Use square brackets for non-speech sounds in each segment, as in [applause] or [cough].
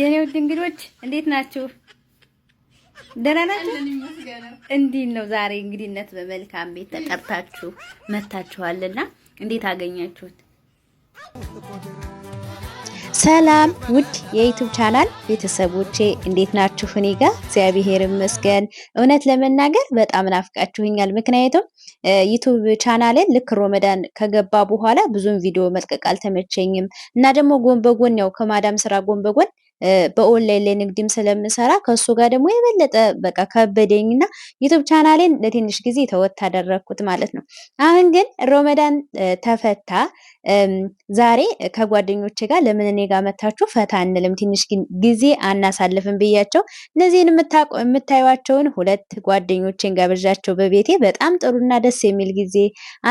የኔ ውድ እንግዶች እንዴት ናችሁ? ደህና ናችሁ? እንዲህ ነው ዛሬ እንግዲህነት በመልካም ቤት ተጠርታችሁ መታችኋልና እንዴት አገኛችሁት? ሰላም ውድ የዩቱብ ቻናል ቤተሰቦቼ እንዴት ናችሁ? እኔ ጋር እግዚአብሔር ይመስገን። እውነት ለመናገር በጣም ናፍቃችሁኛል። ምክንያቱም ዩቱብ ቻናልን ልክ ሮመዳን ከገባ በኋላ ብዙም ቪዲዮ መልቀቅ አልተመቸኝም እና ደግሞ ጎን በጎን ያው ከማዳም ስራ ጎን በጎን በኦንላይን ላይ ንግድም ስለምሰራ ከእሱ ጋር ደግሞ የበለጠ በቃ ከበደኝ እና ዩቱብ ቻናሌን ለትንሽ ጊዜ ተወት አደረግኩት ማለት ነው። አሁን ግን ሮመዳን ተፈታ። ዛሬ ከጓደኞቼ ጋር ለምን እኔ ጋር መታችሁ ፈታ አንልም ትንሽ ጊዜ አናሳልፍም ብያቸው እነዚህን የምታዩቸውን ሁለት ጓደኞቼን ጋብዣቸው በቤቴ በጣም ጥሩና ደስ የሚል ጊዜ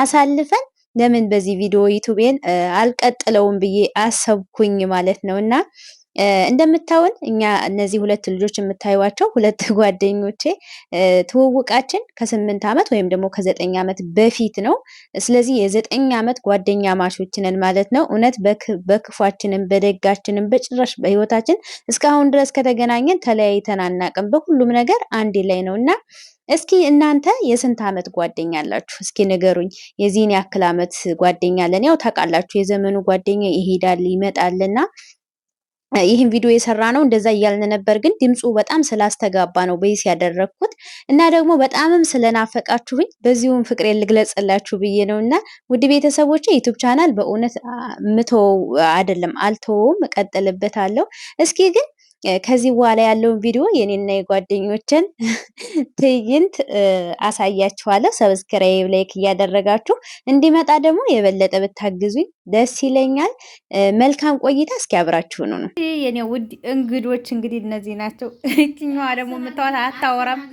አሳልፈን ለምን በዚህ ቪዲዮ ዩቱቤን አልቀጥለውም ብዬ አሰብኩኝ ማለት ነው እና እንደምታውን እኛ እነዚህ ሁለት ልጆች የምታዩቸው ሁለት [laughs] ጓደኞቼ ትውውቃችን ከስምንት ዓመት ወይም ደግሞ ከዘጠኝ ዓመት በፊት ነው። ስለዚህ የዘጠኝ ዓመት ጓደኛ ማሾችንን ማለት ነው። እውነት በክፏችንም በደጋችንም በጭራሽ በህይወታችን እስካሁን ድረስ ከተገናኘን ተለያይተን አናቅም። በሁሉም ነገር አንድ ላይ ነው እና እስኪ እናንተ የስንት ዓመት ጓደኛ አላችሁ? እስኪ ንገሩኝ። የዚህን ያክል ዓመት ጓደኛ አለን። ያው ታውቃላችሁ የዘመኑ ጓደኛ ይሄዳል ይመጣልና ይህን ቪዲዮ የሰራ ነው እንደዛ እያልን ነበር፣ ግን ድምፁ በጣም ስላስተጋባ ነው በይስ ያደረግኩት እና ደግሞ በጣምም ስለናፈቃችሁኝ በዚሁም ፍቅሬን ልግለጽላችሁ ብዬ ነው። እና ውድ ቤተሰቦች ዩቱብ ቻናል በእውነት ምቶ አይደለም አልተውም፣ እቀጥልበታለሁ። እስኪ ግን ከዚህ በኋላ ያለውን ቪዲዮ የኔና የጓደኞችን [laughs] ትዕይንት አሳያችኋለሁ። ሰብስክራይብ፣ ላይክ እያደረጋችሁ እንዲመጣ ደግሞ የበለጠ ብታግዙኝ ደስ ይለኛል። መልካም ቆይታ። እስኪ አብራችሁ ነው ነው የኔ ውድ እንግዶች እንግዲህ እነዚህ ናቸው። እችኛዋ ደግሞ የምታወት አታወራም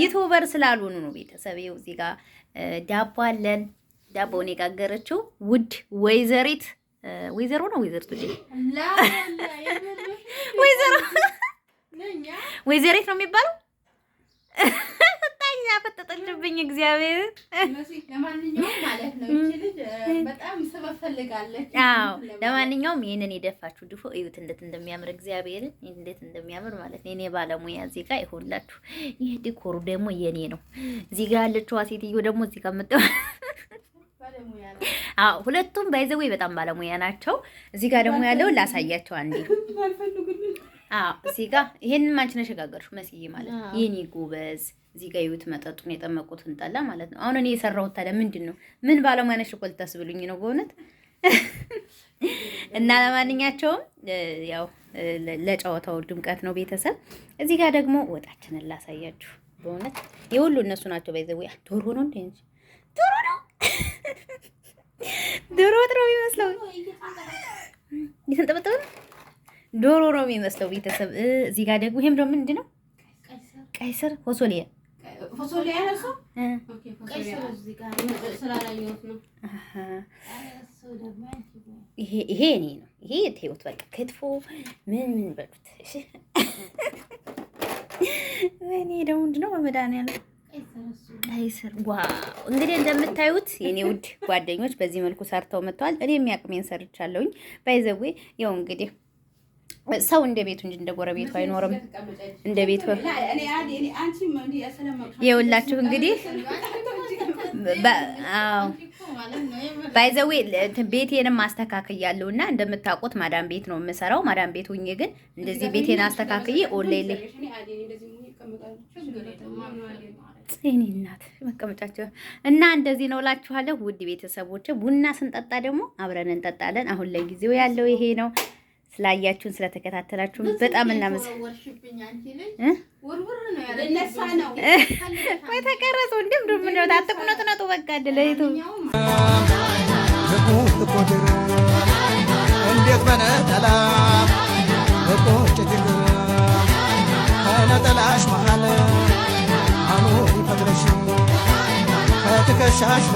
ዩቱበር ስላልሆኑ ነው ቤተሰብ። ይኸው እዚህ ጋር ዳቦ አለን ዳቦውን የጋገረችው ውድ ወይዘሪት ወይዘሮ ነው ወይዘሪት ወይዘሮ ወይዘሪት ነው የሚባለው። ፈጣኛ ፈጠጠችብኝ። እግዚአብሔር ለማንኛውም አዎ ለማንኛውም ይህንን የደፋችሁ ድፎ እዩት እንዴት እንደሚያምር እግዚአብሔር እንዴት እንደሚያምር ማለት ነው። እኔ ባለሙያ እዚህ ጋር ይሆንላችሁ። ይህ ዲኮሩ ደግሞ የኔ ነው። እዚህ ጋር ያለችዋ ሴትዮ ደግሞ እዚህ ጋር አዎ ሁለቱም ባይዘዌ በጣም ባለሙያ ናቸው። እዚህ ጋር ደግሞ ያለው ላሳያቸው አንዴ። አዎ እዚህ ጋር ይሄንን አንቺ ነሽ የጋገርሽው መስዬ ማለት ይህን የኔ ጎበዝ እዚህ ጋር ይሁት መጠጡን የጠመቁትን ጠላ ማለት ነው። አሁን እኔ የሰራሁት ታዲያ ምንድን ነው? ምን ባለሙያ ነሽ እኮ ልታስብሉኝ ነው በእውነት እና ለማንኛቸውም ያው ለጨዋታው ድምቀት ነው ቤተሰብ። እዚህ ጋር ደግሞ ወጣችንን ላሳያችሁ። በእውነት የሁሉ እነሱ ናቸው። ባይዘዌ ዶሮ ነው እንደ ዶሮ ነው ዶሮ ወጥ ነው የሚመስለው፣ የተንጠበጠበ ዶሮ ነው የሚመስለው። ቤተሰብ እዚህ ጋር ደግሞ ይሄም ደግሞ ምንድን ነው? ቀይ ስር ፎሶሊያ ይሄ እኔ ነው። ይሄ ተይወት በቃ ክትፎ ምን ምን በሉት። እኔ ደግሞ ምንድን ነው በመድኃኒዓለም ዋው! እንግዲህ እንደምታዩት የኔ ውድ ጓደኞች በዚህ መልኩ ሰርተው መጥተዋል። እኔ የሚያቅሜን ሰርቻለሁኝ። ባይዘዌ ያው እንግዲህ ሰው እንደ ቤቱ እንጂ እንደ ጎረቤቱ አይኖርም። እንደ ቤቱ የውላችሁ እንግዲህ ባይዘዌ ቤቴንም አስተካክያለሁ እና እንደምታውቁት ማዳም ቤት ነው የምሰራው። ማዳም ቤት ሁኜ ግን እንደዚህ ቤቴን አስተካክዬ ኦንላይን ላይ እናት መቀመጫቸው እና እንደዚህ ነው እላችኋለሁ። ውድ ቤተሰቦች ቡና ስንጠጣ ደግሞ አብረን እንጠጣለን። አሁን ለጊዜው ያለው ይሄ ነው። ስላያችሁን ስለተከታተላችሁን በጣም እናመሰግናለን። ተቀረጹ እንዴም ነው ነጡ በቃ እንደለይቱ እንዴት በነጠላ በቆጭት ከነጠላሽ መሀል አኖ ከትከሻሽ